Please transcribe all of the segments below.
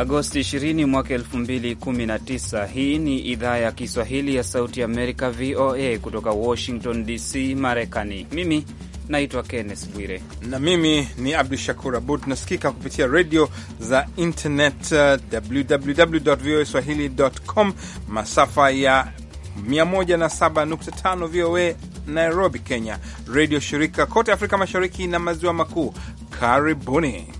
Agosti 20 mwaka 2019. Hii ni idhaa ya Kiswahili ya Sauti Amerika, VOA, kutoka Washington DC, Marekani. Mimi naitwa Kenneth Bwire na mimi ni Abdu Shakur Abud. Tunasikika kupitia redio za internet, uh, www voa swahili.com, masafa ya 107.5 VOA Nairobi, Kenya, redio shirika kote Afrika Mashariki na Maziwa Makuu. Karibuni.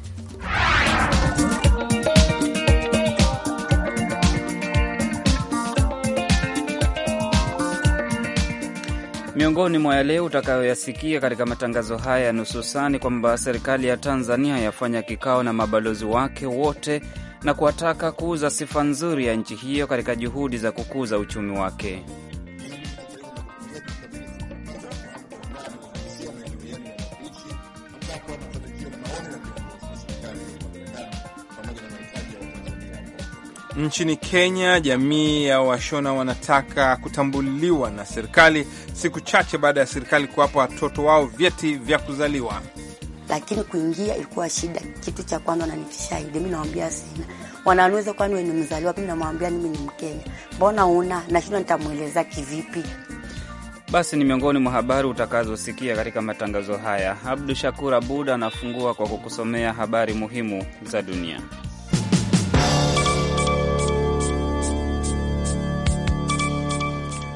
Miongoni mwa yale utakayoyasikia katika matangazo haya ya nusu saa ni kwamba serikali ya Tanzania yafanya kikao na mabalozi wake wote na kuwataka kuuza sifa nzuri ya nchi hiyo katika juhudi za kukuza uchumi wake. Nchini Kenya, jamii ya Washona wanataka kutambuliwa na serikali siku chache baada ya serikali kuwapa watoto wao vyeti vya kuzaliwa, lakini kuingia ilikuwa shida. Kitu cha kwanza wananitisha ile, mimi sina. Wananiuliza, kwani we ni mzaliwa? Mi namwambia mimi ni Mkenya. Mbona una nashindwa, nitamweleza kivipi? Basi ni miongoni mwa habari utakazosikia katika matangazo haya. Abdu Shakur Abud anafungua kwa kukusomea habari muhimu za dunia.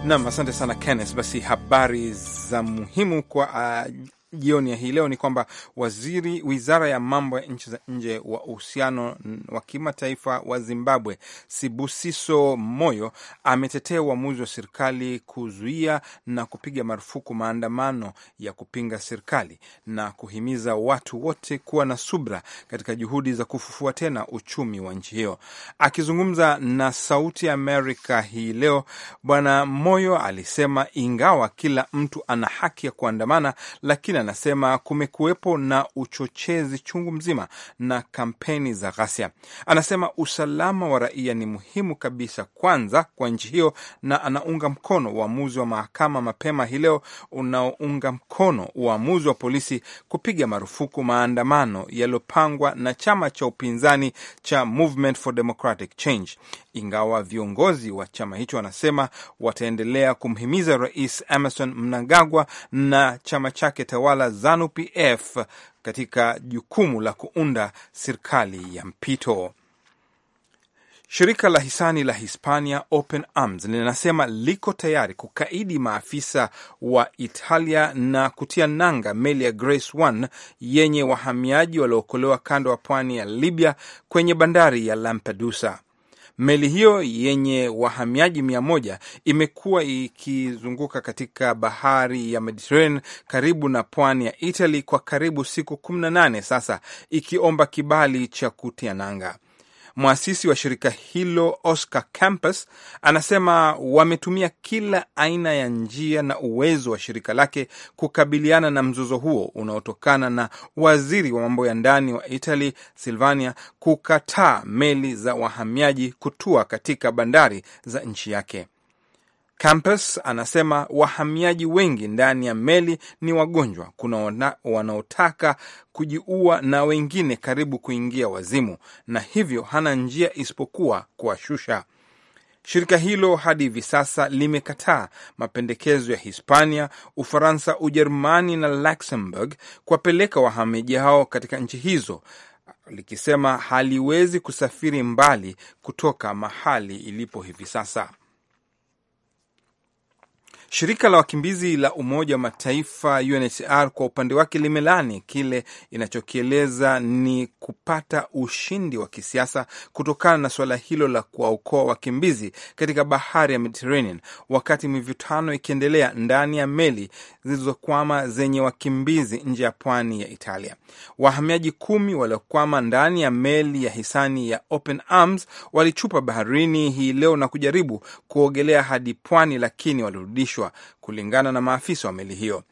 Nam, asante sana Kenneth. Basi habari za muhimu kwa uh jioni ya hii leo ni kwamba waziri wizara ya mambo ya nchi za nje wa uhusiano wa kimataifa wa Zimbabwe Sibusiso Moyo ametetea uamuzi wa serikali kuzuia na kupiga marufuku maandamano ya kupinga serikali na kuhimiza watu wote kuwa na subra katika juhudi za kufufua tena uchumi wa nchi hiyo. Akizungumza na Sauti Amerika hii leo, Bwana Moyo alisema ingawa kila mtu ana haki ya kuandamana, lakini anasema kumekuwepo na uchochezi chungu mzima na kampeni za ghasia. Anasema usalama wa raia ni muhimu kabisa kwanza kwa nchi hiyo, na anaunga mkono uamuzi wa mahakama mapema hii leo unaounga mkono uamuzi wa polisi kupiga marufuku maandamano yaliyopangwa na chama cha upinzani cha Movement for Democratic Change, ingawa viongozi wa chama hicho wanasema wataendelea kumhimiza Rais Emerson Mnangagwa na chama chake tawala taifa ZANU-PF katika jukumu la kuunda serikali ya mpito. Shirika la hisani la Hispania Open Arms linasema liko tayari kukaidi maafisa wa Italia na kutia nanga meli ya Grace 1 yenye wahamiaji waliookolewa kando ya pwani ya Libya kwenye bandari ya Lampedusa. Meli hiyo yenye wahamiaji mia moja imekuwa ikizunguka katika bahari ya Mediterranean karibu na pwani ya Italy kwa karibu siku kumi na nane sasa, ikiomba kibali cha kutia nanga. Mwasisi wa shirika hilo Oscar Campus anasema wametumia kila aina ya njia na uwezo wa shirika lake kukabiliana na mzozo huo unaotokana na waziri wa mambo ya ndani wa Italy Silvania kukataa meli za wahamiaji kutua katika bandari za nchi yake. Campus anasema wahamiaji wengi ndani ya meli ni wagonjwa, kuna wanaotaka kujiua na wengine karibu kuingia wazimu, na hivyo hana njia isipokuwa kuwashusha. Shirika hilo hadi hivi sasa limekataa mapendekezo ya Hispania, Ufaransa, Ujerumani na Luxembourg kuwapeleka wahamiaji hao katika nchi hizo, likisema haliwezi kusafiri mbali kutoka mahali ilipo hivi sasa. Shirika la wakimbizi la Umoja wa Mataifa UNHCR kwa upande wake limelani kile inachokieleza ni kupata ushindi wa kisiasa kutokana na suala hilo la kuwaokoa wakimbizi katika bahari ya Mediterranean, wakati mivutano ikiendelea ndani ya meli zilizokwama zenye wakimbizi nje ya pwani ya Italia. Wahamiaji kumi waliokwama ndani ya meli ya hisani ya Open Arms walichupa baharini hii leo na kujaribu kuogelea hadi pwani, lakini walirudishwa kukamatwa, kulingana na maafisa wa meli hiyo.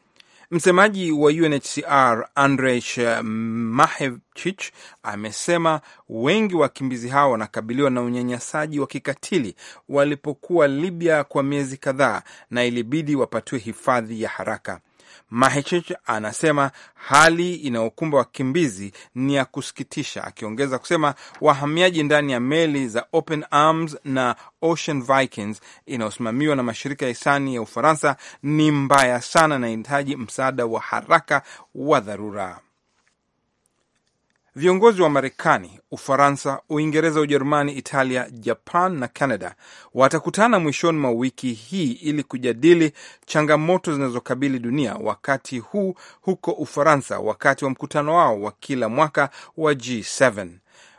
Msemaji wa UNHCR Andrej mahechich amesema wengi wa wakimbizi hao wanakabiliwa na unyanyasaji wa kikatili walipokuwa Libya kwa miezi kadhaa, na ilibidi wapatiwe hifadhi ya haraka. Mahechich anasema hali inayokumba wakimbizi ni ya kusikitisha, akiongeza kusema wahamiaji ndani ya meli za Open Arms na Ocean Vikings inayosimamiwa na mashirika ya hisani ya Ufaransa ni mbaya sana na inahitaji msaada wa haraka wa dharura. Viongozi wa Marekani, Ufaransa, Uingereza, Ujerumani, Italia, Japan na Canada watakutana mwishoni mwa wiki hii ili kujadili changamoto zinazokabili dunia wakati huu huko Ufaransa, wakati wa mkutano wao wa kila mwaka wa G7.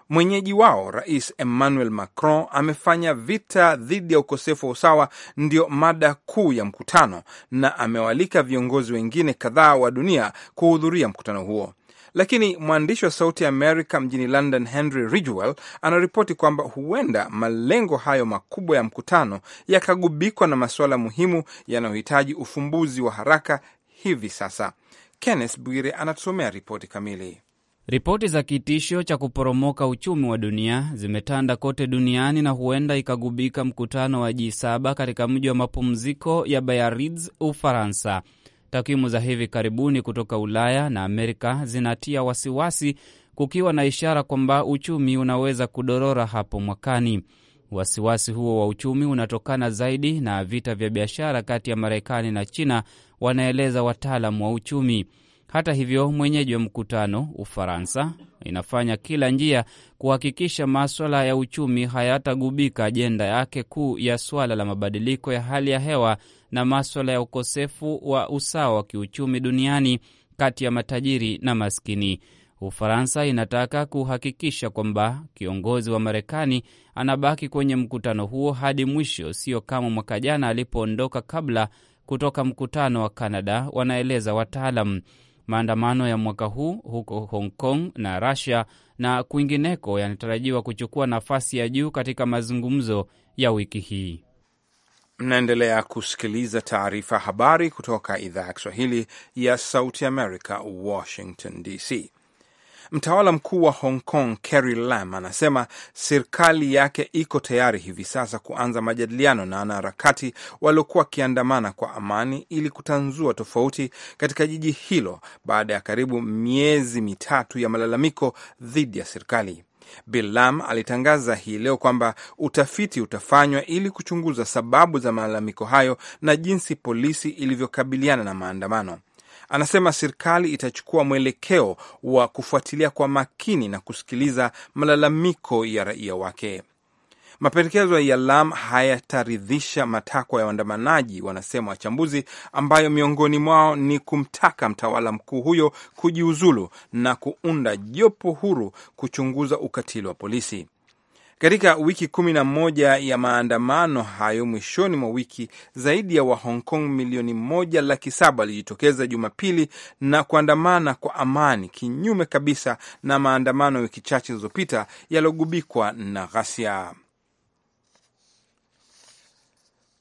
Mwenyeji wao Rais Emmanuel Macron amefanya vita dhidi ya ukosefu wa usawa ndio mada kuu ya mkutano, na amewalika viongozi wengine kadhaa wa dunia kuhudhuria mkutano huo. Lakini mwandishi wa Sauti ya Amerika mjini London, Henry Ridgwell, anaripoti kwamba huenda malengo hayo makubwa ya mkutano yakagubikwa na masuala muhimu yanayohitaji ufumbuzi wa haraka hivi sasa. Kenneth Bwire anatusomea ripoti kamili. Ripoti za kitisho cha kuporomoka uchumi wa dunia zimetanda kote duniani na huenda ikagubika mkutano wa G7 katika mji wa mapumziko ya Biarritz, Ufaransa. Takwimu za hivi karibuni kutoka Ulaya na Amerika zinatia wasiwasi, kukiwa na ishara kwamba uchumi unaweza kudorora hapo mwakani. Wasiwasi huo wa uchumi unatokana zaidi na vita vya biashara kati ya Marekani na China, wanaeleza wataalam wa uchumi. Hata hivyo, mwenyeji wa mkutano Ufaransa inafanya kila njia kuhakikisha maswala ya uchumi hayatagubika ajenda yake kuu ya suala la mabadiliko ya hali ya hewa na maswala ya ukosefu wa usawa wa kiuchumi duniani kati ya matajiri na maskini. Ufaransa inataka kuhakikisha kwamba kiongozi wa Marekani anabaki kwenye mkutano huo hadi mwisho, sio kama mwaka jana alipoondoka kabla kutoka mkutano wa Kanada, wanaeleza wataalam. Maandamano ya mwaka huu huko Hong Kong na rasia na kwingineko yanatarajiwa kuchukua nafasi ya juu katika mazungumzo ya wiki hii. Mnaendelea kusikiliza taarifa habari kutoka idhaa ya Kiswahili ya Sauti America, Washington DC. Mtawala mkuu wa Hong Kong Carrie Lam anasema serikali yake iko tayari hivi sasa kuanza majadiliano na wanaharakati waliokuwa wakiandamana kwa amani ili kutanzua tofauti katika jiji hilo baada ya karibu miezi mitatu ya malalamiko dhidi ya serikali. Bilam alitangaza hii leo kwamba utafiti utafanywa ili kuchunguza sababu za malalamiko hayo na jinsi polisi ilivyokabiliana na maandamano. Anasema serikali itachukua mwelekeo wa kufuatilia kwa makini na kusikiliza malalamiko ya raia wake. Mapendekezo ya Ialam hayataridhisha matakwa ya waandamanaji, wanasema wachambuzi, ambayo miongoni mwao ni kumtaka mtawala mkuu huyo kujiuzulu na kuunda jopo huru kuchunguza ukatili wa polisi. Katika wiki kumi na moja ya maandamano hayo mwishoni mwa wiki, zaidi ya wa Hong Kong milioni moja laki saba walijitokeza Jumapili na kuandamana kwa amani, kinyume kabisa na maandamano wiki chache zilizopita yaliyogubikwa na ghasia.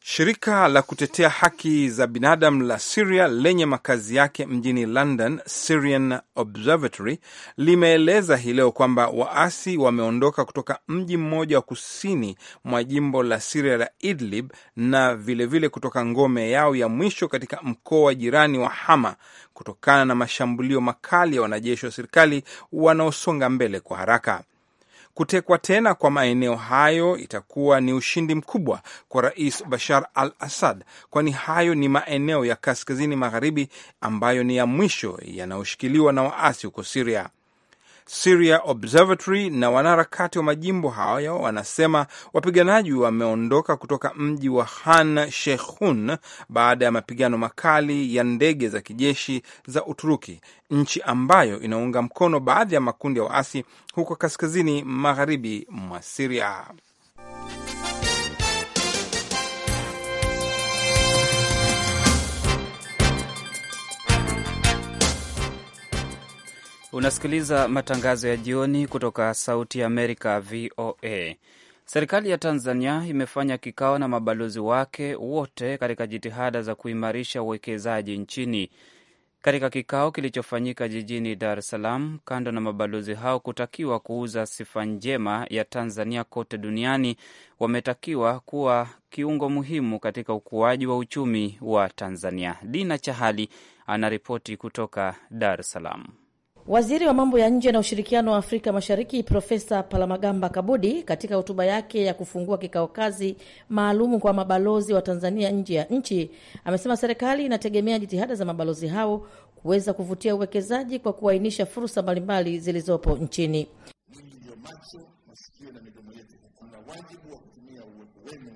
Shirika la kutetea haki za binadamu la siria lenye makazi yake mjini London, Syrian Observatory limeeleza hii leo kwamba waasi wameondoka kutoka mji mmoja wa kusini mwa jimbo la siria la Idlib na vilevile vile kutoka ngome yao ya mwisho katika mkoa wa jirani wa Hama kutokana na mashambulio makali ya wanajeshi wa serikali wanaosonga mbele kwa haraka. Kutekwa tena kwa maeneo hayo itakuwa ni ushindi mkubwa kwa Rais Bashar al Assad, kwani hayo ni maeneo ya kaskazini magharibi ambayo ni ya mwisho yanayoshikiliwa na waasi huko Siria. Syria Observatory na wanaharakati wa majimbo hayo wanasema wapiganaji wameondoka kutoka mji wa Han Shehun baada ya mapigano makali ya ndege za kijeshi za Uturuki, nchi ambayo inaunga mkono baadhi ya makundi ya waasi huko kaskazini magharibi mwa Syria. Unasikiliza matangazo ya jioni kutoka Sauti ya Amerika, VOA. Serikali ya Tanzania imefanya kikao na mabalozi wake wote katika jitihada za kuimarisha uwekezaji nchini. Katika kikao kilichofanyika jijini Dar es Salaam, kando na mabalozi hao kutakiwa kuuza sifa njema ya Tanzania kote duniani, wametakiwa kuwa kiungo muhimu katika ukuaji wa uchumi wa Tanzania. Dina Chahali anaripoti kutoka Dar es Salaam. Waziri wa mambo ya nje na ushirikiano wa Afrika Mashariki Profesa Palamagamba Kabudi katika hotuba yake ya kufungua kikao kazi maalumu kwa mabalozi wa Tanzania nje ya nchi amesema serikali inategemea jitihada za mabalozi hao kuweza kuvutia uwekezaji kwa kuainisha fursa mbalimbali zilizopo nchini. Ninyi ndio macho, masikio na midomo yetu. Kuna wajibu wa kutumia uwepo wenu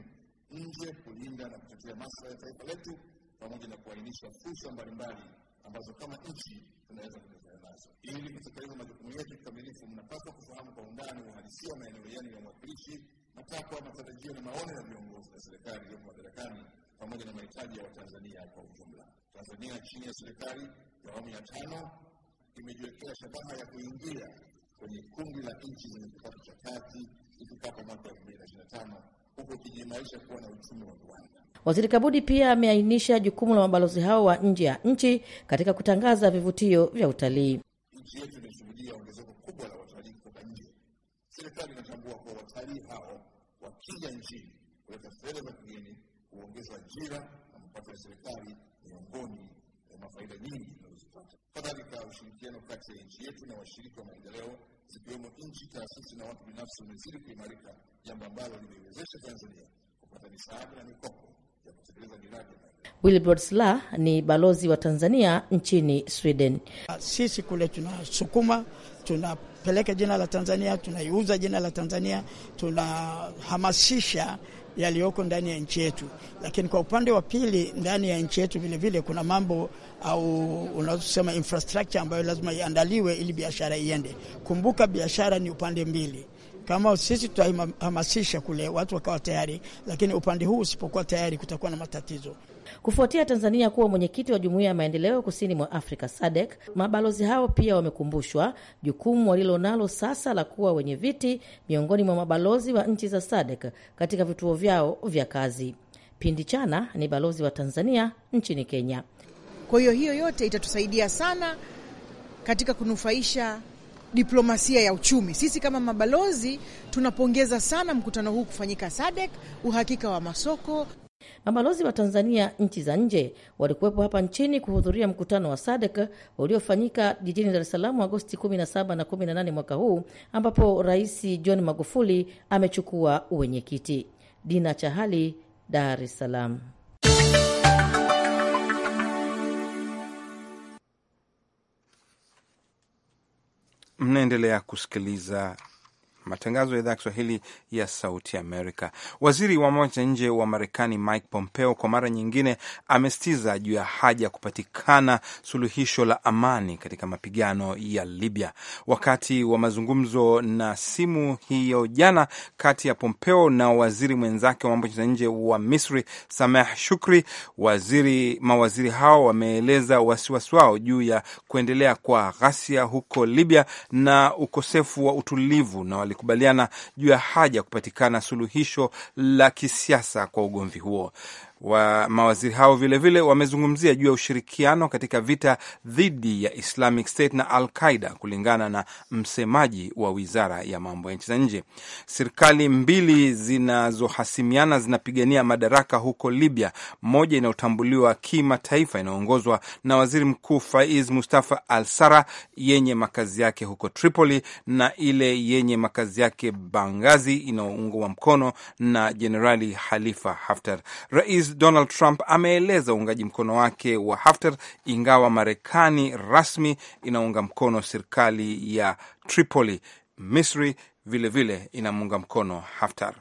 nje kulinda na kutetea maslahi ya taifa letu pamoja na kuainisha fursa mbalimbali ambazo kama nchi tunaweza nazo. Ili kutekeleza majukumu yetu kikamilifu, mnapaswa kufahamu kwa undani uhalisia wa maeneo yenu ya mwakilishi, matakwa, matarajio na maoni ya viongozi na serikali iliyopo madarakani pamoja na mahitaji ya Watanzania kwa ujumla. Tanzania chini ya serikali ya awamu ya tano imejiwekea shabaha ya kuingia kwenye kundi la nchi zenye kipato cha kati ifikapo mwaka elfu mbili na ishirini na tano huku ikijiimarisha kuwa na uchumi wa viwanda. Waziri Kabudi pia ameainisha jukumu la mabalozi hao wa nje ya nchi katika kutangaza vivutio vya utalii nchi yetu imeshuhudia ongezeko kubwa la watalii kutoka nje. Serikali inatambua kuwa watalii hao wakija nchini kuleta fedha za kigeni huongeza ajira na mapato ya serikali, miongoni ya mafaida nyingi zinazozipata. Kadhalika, ushirikiano kati ya nchi yetu na washirika wa maendeleo zikiwemo nchi, taasisi na watu binafsi umezidi kuimarika, jambo ambalo limeiwezesha Tanzania kupata misaada na mikopo ya Wilbrod Sla ni balozi wa Tanzania nchini Sweden. Sisi kule tunasukuma, tunapeleka jina la Tanzania, tunaiuza jina la Tanzania, tunahamasisha yaliyoko ndani ya nchi yetu, lakini kwa upande wa pili, ndani ya nchi yetu vilevile kuna mambo au unaosema infrastructure ambayo lazima iandaliwe ili biashara iende. Kumbuka biashara ni upande mbili kama sisi tutahamasisha kule watu wakawa tayari, lakini upande huu usipokuwa tayari, kutakuwa na matatizo. Kufuatia Tanzania kuwa mwenyekiti wa Jumuiya ya Maendeleo Kusini mwa Afrika SADC, mabalozi hao pia wamekumbushwa jukumu walilonalo sasa la kuwa wenye viti miongoni mwa mabalozi wa nchi za SADC katika vituo vyao vya kazi. Pindi Chana ni balozi wa Tanzania nchini Kenya. Kwa hiyo hiyo yote itatusaidia sana katika kunufaisha diplomasia ya uchumi. Sisi kama mabalozi tunapongeza sana mkutano huu kufanyika SADC, uhakika wa masoko. Mabalozi wa Tanzania nchi za nje walikuwepo hapa nchini kuhudhuria mkutano wa SADC uliofanyika jijini Dar es Salaam Agosti 17 na 18 mwaka huu, ambapo Rais John Magufuli amechukua uwenyekiti. Dina Chahali, Dar es Salaam. Mnaendelea kusikiliza Matangazo ya idhaa ya Kiswahili ya Sauti Amerika. Waziri wa mambo ya nje wa Marekani Mike Pompeo kwa mara nyingine amesitiza juu ya haja ya kupatikana suluhisho la amani katika mapigano ya Libya. Wakati wa mazungumzo na simu hiyo jana kati ya Pompeo na waziri mwenzake wa mambo ya nje wa Misri Sameh Shukri, waziri mawaziri hao wameeleza wasiwasi wao juu ya kuendelea kwa ghasia huko Libya na ukosefu wa utulivu na wali walikubaliana juu ya haja ya kupatikana suluhisho la kisiasa kwa ugomvi huo wa mawaziri hao vilevile wamezungumzia juu ya ushirikiano katika vita dhidi ya Islamic State na Al Qaida, kulingana na msemaji wa wizara ya mambo ya nchi za nje. Serikali mbili zinazohasimiana zinapigania madaraka huko Libya, moja inayotambuliwa kimataifa inayoongozwa na waziri mkuu Faiz Mustafa Al Sara yenye makazi yake huko Tripoli, na ile yenye makazi yake Bangazi inayoungwa mkono na Jenerali Halifa Haftar. Rais Rais Donald Trump ameeleza uungaji mkono wake wa Haftar, ingawa Marekani rasmi inaunga mkono serikali ya Tripoli. Misri vilevile inamuunga mkono Haftar.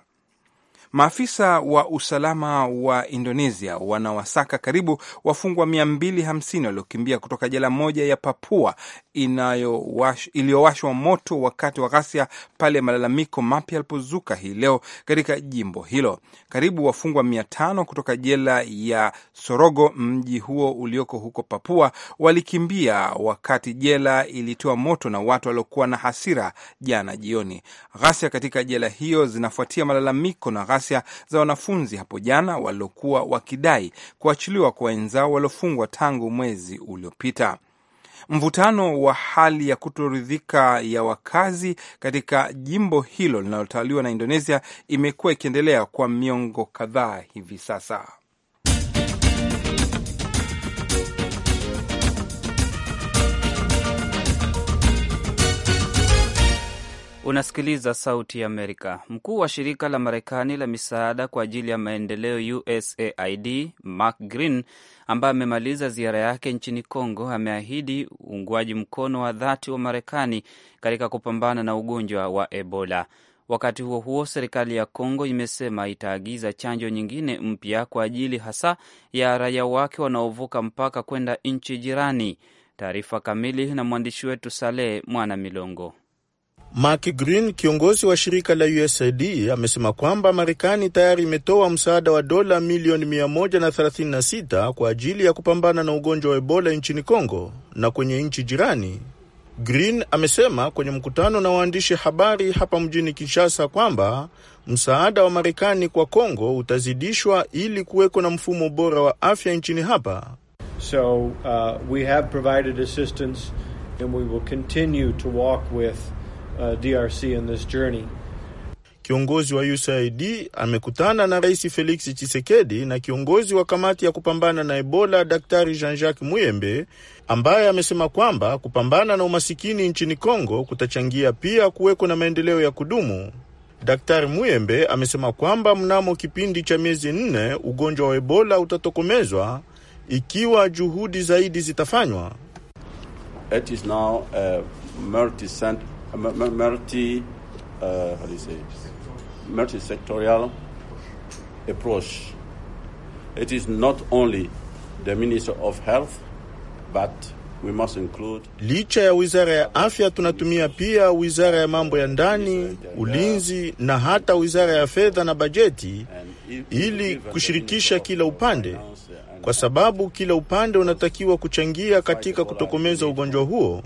Maafisa wa usalama wa Indonesia wanawasaka karibu wafungwa 250 waliokimbia kutoka jela moja ya Papua iliyowashwa moto wakati wa ghasia pale malalamiko mapya yalipozuka hii leo katika jimbo hilo. Karibu wafungwa 500 kutoka jela ya Sorogo, mji huo ulioko huko Papua, walikimbia wakati jela ilitoa moto na watu waliokuwa na hasira jana jioni. Ghasia katika jela hiyo zinafuatia malalamiko na ghasia za wanafunzi hapo jana waliokuwa wakidai kuachiliwa kwa wenzao waliofungwa tangu mwezi uliopita. Mvutano wa hali ya kutoridhika ya wakazi katika jimbo hilo linalotawaliwa na Indonesia imekuwa ikiendelea kwa miongo kadhaa hivi sasa. Unasikiliza Sauti ya Amerika. Mkuu wa shirika la Marekani la misaada kwa ajili ya maendeleo USAID Mark Green, ambaye amemaliza ziara yake nchini congo ameahidi uungwaji mkono wa dhati wa Marekani katika kupambana na ugonjwa wa Ebola. Wakati huo huo, serikali ya congo imesema itaagiza chanjo nyingine mpya kwa ajili hasa ya raia wake wanaovuka mpaka kwenda nchi jirani. Taarifa kamili na mwandishi wetu Saleh Mwana Milongo. Mark Green, kiongozi wa shirika la USAID, amesema kwamba Marekani tayari imetoa msaada wa dola milioni 136 kwa ajili ya kupambana na ugonjwa wa Ebola nchini Kongo na kwenye nchi jirani. Green amesema kwenye mkutano na waandishi habari hapa mjini Kinshasa kwamba msaada wa Marekani kwa Kongo utazidishwa ili kuweko na mfumo bora wa afya nchini hapa. So, uh, we have provided assistance and we will continue to walk with Uh, DRC in this journey. Kiongozi wa USAID amekutana na Rais Felix Tshisekedi na kiongozi wa kamati ya kupambana na Ebola Daktari Jean-Jacques Muyembe ambaye amesema kwamba kupambana na umasikini nchini Kongo kutachangia pia kuweko na maendeleo ya kudumu. Daktari Muyembe amesema kwamba mnamo kipindi cha miezi nne ugonjwa wa Ebola utatokomezwa ikiwa juhudi zaidi zitafanywa. It is now a multi, uh, how do you say Multi-sectorial approach. It is not only the Minister of Health, but we must include... Licha ya wizara ya afya tunatumia pia wizara ya mambo ya ndani, ulinzi na hata wizara ya fedha na bajeti ili kushirikisha kila upande kwa sababu kila upande unatakiwa kuchangia katika kutokomeza ugonjwa huo.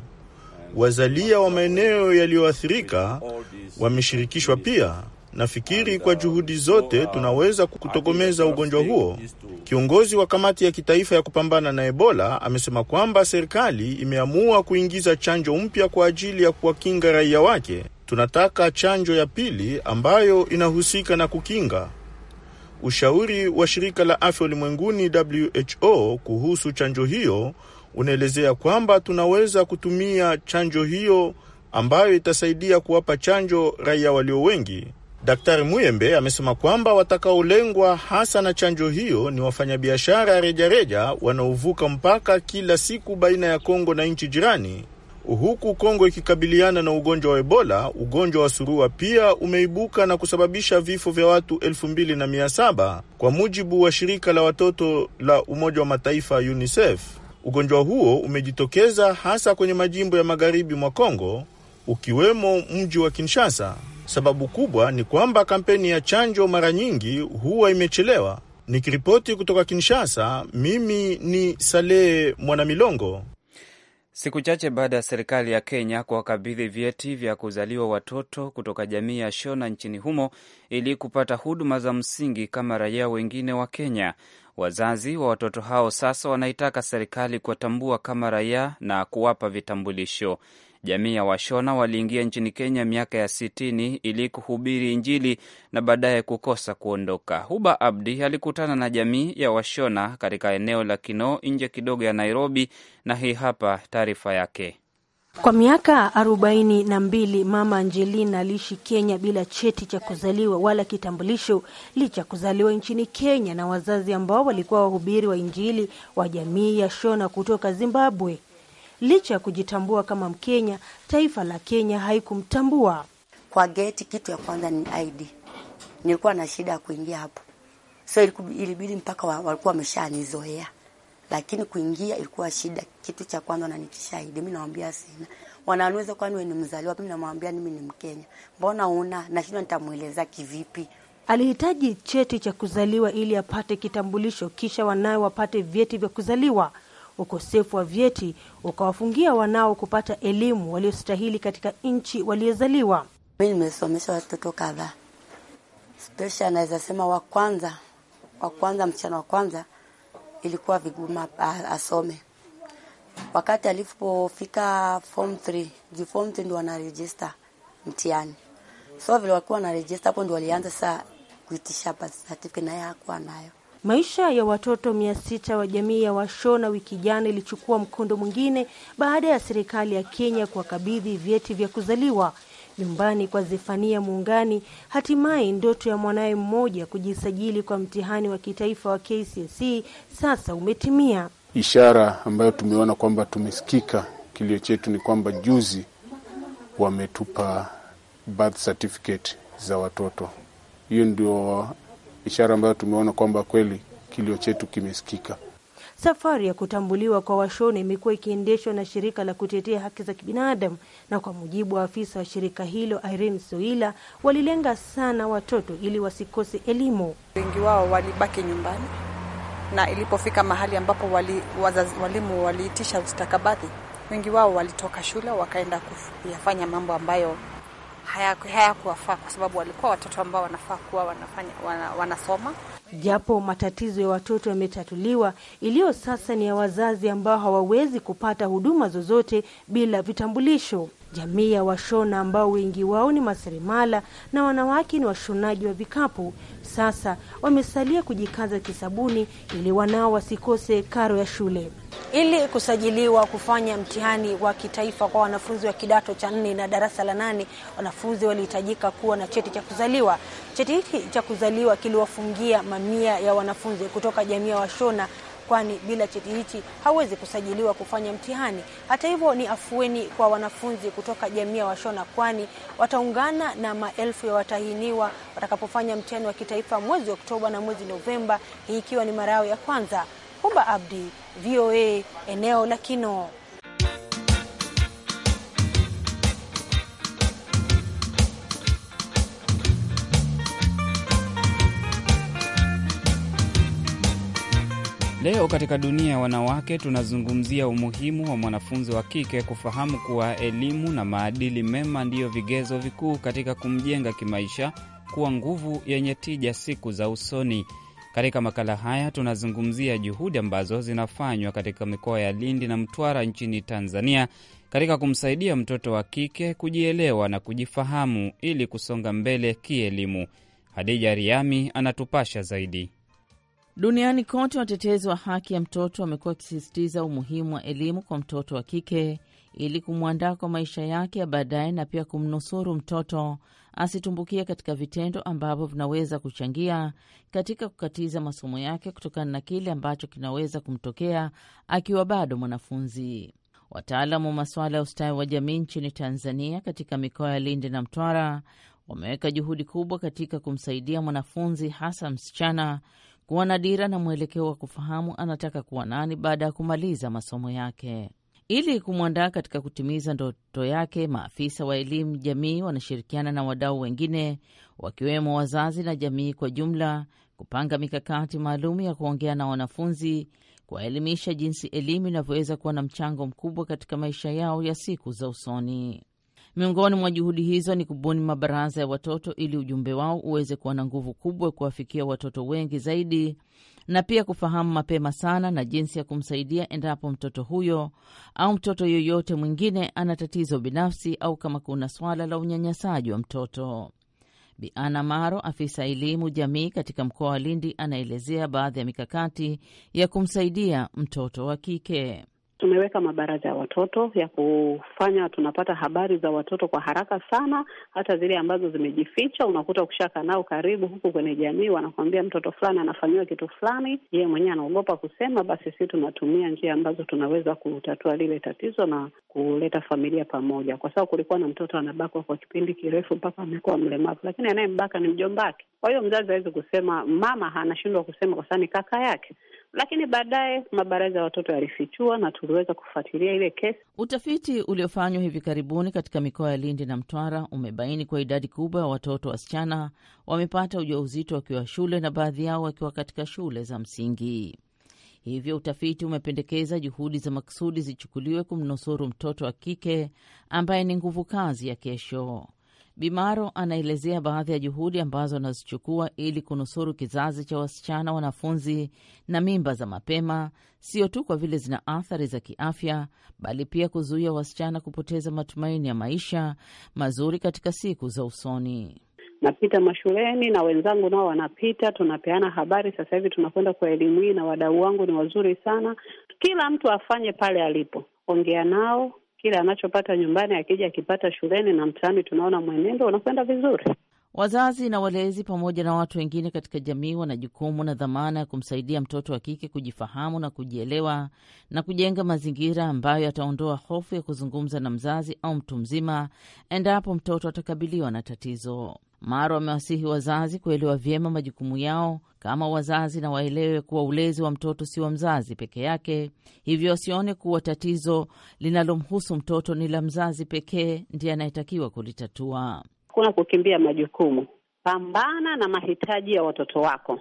Wazalia wa maeneo yaliyoathirika wameshirikishwa pia. Nafikiri kwa juhudi zote tunaweza kutokomeza ugonjwa huo. Kiongozi wa kamati ya kitaifa ya kupambana na Ebola amesema kwamba serikali imeamua kuingiza chanjo mpya kwa ajili ya kuwakinga raia wake. Tunataka chanjo ya pili ambayo inahusika na kukinga. Ushauri wa shirika la afya ulimwenguni WHO kuhusu chanjo hiyo unaelezea kwamba tunaweza kutumia chanjo hiyo ambayo itasaidia kuwapa chanjo raia walio wengi. Daktari Muyembe amesema kwamba watakaolengwa hasa na chanjo hiyo ni wafanyabiashara rejareja wanaovuka mpaka kila siku baina ya Kongo na nchi jirani. Huku Kongo ikikabiliana na ugonjwa wa Ebola, ugonjwa wa surua pia umeibuka na kusababisha vifo vya watu elfu mbili na mia saba kwa mujibu wa shirika la watoto la Umoja wa Mataifa UNICEF. Ugonjwa huo umejitokeza hasa kwenye majimbo ya magharibi mwa Kongo ukiwemo mji wa Kinshasa. Sababu kubwa ni kwamba kampeni ya chanjo mara nyingi huwa imechelewa. Nikiripoti kutoka Kinshasa, mimi ni Salehe Mwanamilongo. Siku chache baada ya serikali ya Kenya kuwakabidhi vyeti vya kuzaliwa watoto kutoka jamii ya Shona nchini humo ili kupata huduma za msingi kama raia wengine wa Kenya, Wazazi wa watoto hao sasa wanaitaka serikali kuwatambua kama raia na kuwapa vitambulisho. Jamii ya Washona waliingia nchini Kenya miaka ya sitini ili kuhubiri Injili na baadaye kukosa kuondoka. Huba Abdi alikutana na jamii ya Washona katika eneo la Kinoo nje kidogo ya Nairobi, na hii hapa taarifa yake. Kwa miaka arobaini na mbili mama Angelina aliishi Kenya bila cheti cha kuzaliwa wala kitambulisho, licha kuzaliwa nchini Kenya na wazazi ambao walikuwa wahubiri wa Injili wa jamii ya Shona kutoka Zimbabwe. Licha ya kujitambua kama Mkenya, taifa la Kenya haikumtambua. Kwa geti, kitu ya kwanza ni ID. Nilikuwa na shida ya kuingia hapo, so ilibidi mpaka walikuwa wameshanizoea lakini kuingia ilikuwa shida. Kitu cha kwanza wananikishahidi, mimi nawaambia sina. Wananiuliza kwani wewe ni mzaliwa? Mimi namwambia mimi ni Mkenya. Mbona una nashindwa, nitamweleza kivipi? Alihitaji cheti cha kuzaliwa ili apate kitambulisho, kisha wanao wapate vyeti vya kuzaliwa. Ukosefu wa vyeti ukawafungia wanao kupata elimu waliostahili katika nchi waliozaliwa. Mimi nimesomesha watoto kadhaa, special naweza sema wa kwanza, wa kwanza, msichana wa kwanza ilikuwa viguma asome. Wakati alipofika form 3, ju form 3 ndo wanarejista mtihani. So vile walikuwa wanaregister hapo ndo walianza saa kuitisha birth certificate naye hakuwa nayo. Maisha ya watoto mia sita wa jamii ya Washona wiki jana ilichukua mkondo mwingine baada ya serikali ya Kenya kuwakabidhi vyeti vya kuzaliwa nyumbani kwa Zefania Muungani, hatimaye ndoto ya mwanaye mmoja kujisajili kwa mtihani wa kitaifa wa KCSE sasa umetimia. Ishara ambayo tumeona kwamba tumesikika kilio chetu ni kwamba juzi wametupa birth certificate za watoto. Hiyo ndio ishara ambayo tumeona kwamba kweli kilio chetu kimesikika. Safari ya kutambuliwa kwa washona imekuwa ikiendeshwa na shirika la kutetea haki za kibinadamu, na kwa mujibu wa afisa wa shirika hilo Irene Soila, walilenga sana watoto ili wasikose elimu. Wengi wao walibaki nyumbani, na ilipofika mahali ambapo wali, wazazi, walimu waliitisha ustakabadhi, wengi wao walitoka shule wakaenda kuyafanya mambo ambayo hayakuwafaa haya, kwa sababu walikuwa watoto ambao wanafaa kuwa wanafanya, wana, wanasoma Japo matatizo ya watoto yametatuliwa, iliyo sasa ni ya wazazi ambao hawawezi kupata huduma zozote bila vitambulisho. Jamii ya Washona ambao wengi wao ni maseremala na wanawake ni washonaji wa vikapu, sasa wamesalia kujikaza kisabuni ili wanao wasikose karo ya shule. Ili kusajiliwa kufanya mtihani wa kitaifa kwa wanafunzi wa kidato cha nne na darasa la nane, wanafunzi walihitajika kuwa na cheti cha kuzaliwa. Cheti hiki cha kuzaliwa kiliwafungia mamia ya wanafunzi kutoka jamii ya Washona kwani bila cheti hichi hawezi kusajiliwa kufanya mtihani. Hata hivyo, ni afueni kwa wanafunzi kutoka jamii ya Washona, kwani wataungana na maelfu ya watahiniwa watakapofanya mtihani wa kitaifa mwezi Oktoba na mwezi Novemba, hii ikiwa ni mara yao ya kwanza. Humba Abdi, VOA, eneo la Kinoo. Leo katika dunia ya wanawake tunazungumzia umuhimu wa mwanafunzi wa kike kufahamu kuwa elimu na maadili mema ndiyo vigezo vikuu katika kumjenga kimaisha kuwa nguvu yenye tija siku za usoni. Katika makala haya tunazungumzia juhudi ambazo zinafanywa katika mikoa ya Lindi na Mtwara nchini Tanzania katika kumsaidia mtoto wa kike kujielewa na kujifahamu ili kusonga mbele kielimu. Hadija Riami anatupasha zaidi. Duniani kote watetezi wa haki ya mtoto wamekuwa wakisisitiza umuhimu wa elimu kwa mtoto wa kike ili kumwandaa kwa maisha yake ya baadaye na pia kumnusuru mtoto asitumbukie katika vitendo ambavyo vinaweza kuchangia katika kukatiza masomo yake kutokana na kile ambacho kinaweza kumtokea akiwa bado mwanafunzi. Wataalamu wa masuala ya ustawi wa jamii nchini Tanzania katika mikoa ya Lindi na Mtwara wameweka juhudi kubwa katika kumsaidia mwanafunzi hasa msichana kuwa na dira na mwelekeo wa kufahamu anataka kuwa nani baada ya kumaliza masomo yake. Ili kumwandaa katika kutimiza ndoto yake, maafisa wa elimu jamii wanashirikiana na wadau wengine, wakiwemo wazazi na jamii kwa jumla, kupanga mikakati maalum ya kuongea na wanafunzi, kuwaelimisha jinsi elimu inavyoweza kuwa na mchango mkubwa katika maisha yao ya siku za usoni. Miongoni mwa juhudi hizo ni kubuni mabaraza ya watoto ili ujumbe wao uweze kuwa na nguvu kubwa ya kuwafikia watoto wengi zaidi, na pia kufahamu mapema sana na jinsi ya kumsaidia endapo mtoto huyo au mtoto yoyote mwingine ana tatizo binafsi au kama kuna swala la unyanyasaji wa mtoto. biana Maro, afisa elimu jamii katika mkoa wa Lindi, anaelezea baadhi ya mikakati ya kumsaidia mtoto wa kike. Tumeweka mabaraza ya watoto ya kufanya, tunapata habari za watoto kwa haraka sana, hata zile ambazo zimejificha. Unakuta ukishaka nao karibu huku kwenye jamii, wanakuambia mtoto fulani anafanyiwa kitu fulani, yeye mwenyewe anaogopa kusema. Basi sisi tunatumia njia ambazo tunaweza kutatua lile tatizo na kuleta familia pamoja, kwa sababu kulikuwa na mtoto anabakwa kwa kipindi kirefu mpaka amekuwa mlemavu, lakini anayembaka ni mjombake. Kwa hiyo mzazi hawezi kusema, mama anashindwa kusema kwa sababu ni kaka yake lakini baadaye mabaraza ya watoto yalifichua na tuliweza kufuatilia ile kesi. Utafiti uliofanywa hivi karibuni katika mikoa ya Lindi na Mtwara umebaini kwa idadi kubwa ya watoto wasichana wamepata ujauzito wakiwa shule na baadhi yao wakiwa katika shule za msingi. Hivyo utafiti umependekeza juhudi za maksudi zichukuliwe kumnusuru mtoto wa kike ambaye ni nguvu kazi ya kesho. Bimaro anaelezea baadhi ya juhudi ambazo anazichukua ili kunusuru kizazi cha wasichana wanafunzi na mimba za mapema, sio tu kwa vile zina athari za kiafya, bali pia kuzuia wasichana kupoteza matumaini ya maisha mazuri katika siku za usoni. Napita mashuleni na wenzangu nao wanapita, tunapeana habari. Sasa hivi tunakwenda kwa elimu hii, na wadau wangu ni wazuri sana. Kila mtu afanye pale alipo, ongea nao kile anachopata nyumbani akija akipata shuleni na mtaani, tunaona mwenendo unakwenda vizuri. Wazazi na walezi pamoja na watu wengine katika jamii wana jukumu na dhamana ya kumsaidia mtoto wa kike kujifahamu na kujielewa na kujenga mazingira ambayo yataondoa hofu ya kuzungumza na mzazi au mtu mzima endapo mtoto atakabiliwa na tatizo. Maro amewasihi wazazi kuelewa vyema majukumu yao kama wazazi na waelewe kuwa ulezi wa mtoto si wa mzazi peke yake, hivyo wasione kuwa tatizo linalomhusu mtoto ni la mzazi pekee ndiye anayetakiwa kulitatua. kuna kukimbia majukumu. Pambana na mahitaji ya watoto wako,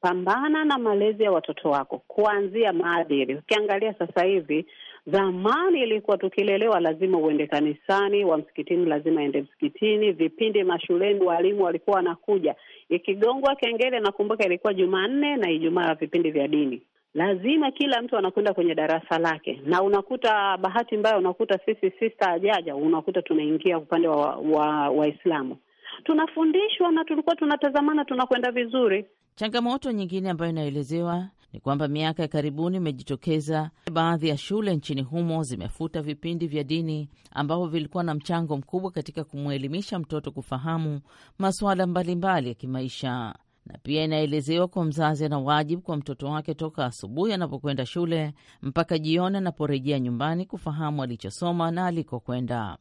pambana na malezi ya watoto wako kuanzia maadili. Ukiangalia sasa hivi Zamani ilikuwa tukilelewa lazima uende kanisani, wa msikitini lazima ende msikitini. Vipindi mashuleni walimu walikuwa wanakuja, ikigongwa kengele, nakumbuka ilikuwa Jumanne na Ijumaa ya vipindi vya dini lazima kila mtu anakwenda kwenye darasa lake, na unakuta bahati mbaya, unakuta sisi sista ajaja, unakuta tunaingia upande wa Waislamu wa tunafundishwa na tulikuwa tunatazamana, tunakwenda vizuri. Changamoto nyingine ambayo inaelezewa ni kwamba miaka ya karibuni imejitokeza baadhi ya shule nchini humo zimefuta vipindi vya dini ambavyo vilikuwa na mchango mkubwa katika kumwelimisha mtoto kufahamu masuala mbalimbali ya kimaisha. Na pia inaelezewa kwa mzazi ana wajibu kwa mtoto wake toka asubuhi anapokwenda shule mpaka jioni anaporejea nyumbani kufahamu alichosoma na alikokwenda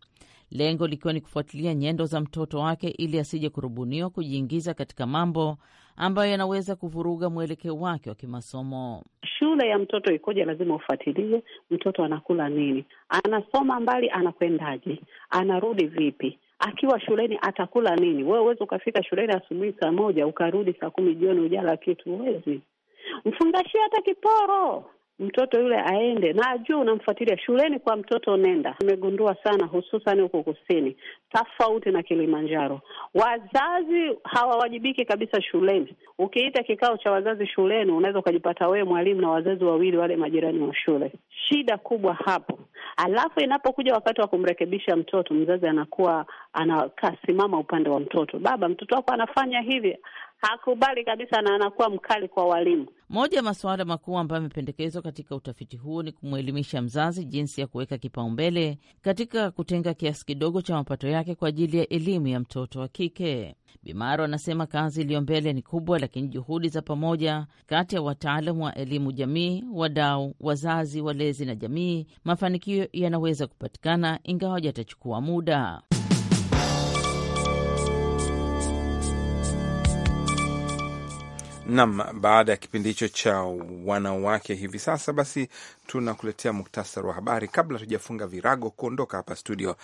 lengo likiwa ni kufuatilia nyendo za mtoto wake ili asije kurubuniwa kujiingiza katika mambo ambayo yanaweza kuvuruga mwelekeo wake wa kimasomo. Shule ya mtoto ikoje? Lazima ufuatilie mtoto anakula nini, anasoma mbali, anakwendaje, anarudi vipi akiwa shuleni atakula nini? Wewe uwezi ukafika shuleni asubuhi saa moja ukarudi saa kumi jioni ujala kitu, huwezi. Mfungashie hata kiporo mtoto yule aende na ajue unamfuatilia shuleni. Kwa mtoto nenda, nimegundua sana hususan huko kusini, tofauti na Kilimanjaro, wazazi hawawajibiki kabisa shuleni. Ukiita kikao cha wazazi shuleni, unaweza ukajipata wewe mwalimu na wazazi wawili wale majirani wa shule. Shida kubwa hapo. Alafu inapokuja wakati wa kumrekebisha mtoto, mzazi anakuwa anakasimama upande wa mtoto. Baba, mtoto wako anafanya hivi, hakubali kabisa na anakuwa mkali kwa walimu. Moja ya masuala makuu ambayo yamependekezwa katika utafiti huo ni kumwelimisha mzazi jinsi ya kuweka kipaumbele katika kutenga kiasi kidogo cha mapato yake kwa ajili ya elimu ya mtoto wa kike. Bimaro anasema kazi iliyo mbele ni kubwa, lakini juhudi za pamoja kati ya wataalam wa elimu jamii, wadau, wazazi, walezi na jamii, mafanikio yanaweza kupatikana, ingawa jatachukua muda. Nam, baada ya kipindi hicho cha wanawake hivi sasa, basi tunakuletea muktasari wa habari kabla tujafunga virago kuondoka hapa studio.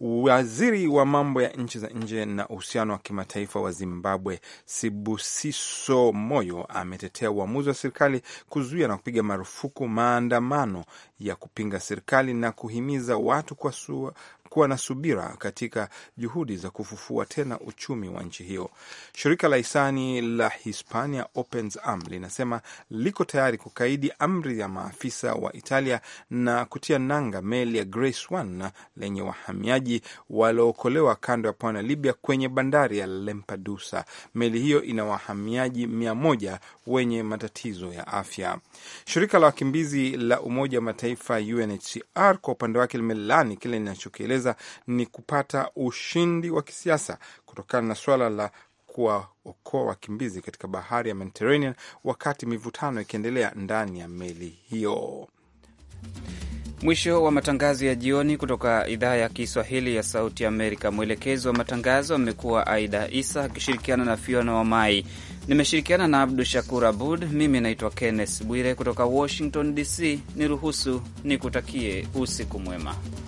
Waziri wa mambo ya nchi za nje na uhusiano wa kimataifa wa Zimbabwe Sibusiso Moyo ametetea uamuzi wa serikali kuzuia na kupiga marufuku maandamano ya kupinga serikali na kuhimiza watu sua kuwa na subira katika juhudi za kufufua tena uchumi wa nchi hiyo. Shirika la hisani la Hispania Opens Arm linasema liko tayari kukaidi amri ya maafisa wa Italia na kutia nanga meli ya Grace One lenye wahamiaji waliookolewa kando ya pwani ya Libya kwenye bandari ya Lampedusa. Meli hiyo ina wahamiaji mia moja wenye matatizo ya afya. Shirika la wakimbizi la Umoja wa Mataifa UNHCR kwa upande wake limelaani kile linachokieleza Uingereza ni kupata ushindi wa kisiasa kutokana na suala la kuwaokoa wakimbizi katika bahari ya Mediterranean wakati mivutano ikiendelea ndani ya meli hiyo. Mwisho wa matangazo ya jioni kutoka idhaa ya Kiswahili ya Sauti Amerika. Mwelekezi wa matangazo amekuwa Aida Isa akishirikiana na Fiona Wamai. Nimeshirikiana na Abdu Shakur Abud. Mimi naitwa Kenneth Bwire kutoka Washington DC. Niruhusu nikutakie usiku mwema.